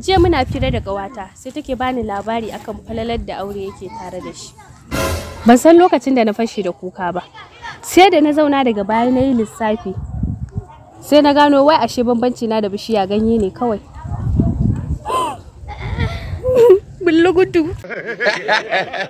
jiya muna fira da ƙawata sai take bani labari akan falalar da aure yake tare da shi ban san lokacin da na fashe da kuka ba sai da na zauna daga baya na yi lissafi sai na gano wai ashe bambanci na da bishiya ganye ne kawai bullugudu